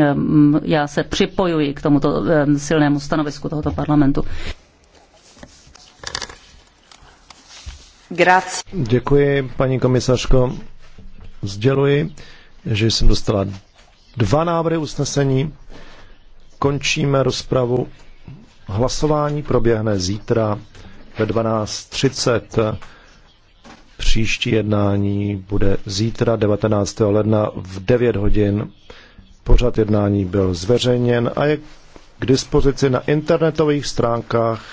Ehm, já se připojuji k tomuto ehm, silnému stanovisku tohoto parlamentu. Grazie. Děkuji, paní komisařko. Sděluji, že jsem dostala dva návrhy usnesení. Končíme rozpravu. Hlasování proběhne zítra ve 12.30. Příští jednání bude zítra 19. ledna v 9 hodin. Pořad jednání byl zveřejněn a je k dispozici na internetových stránkách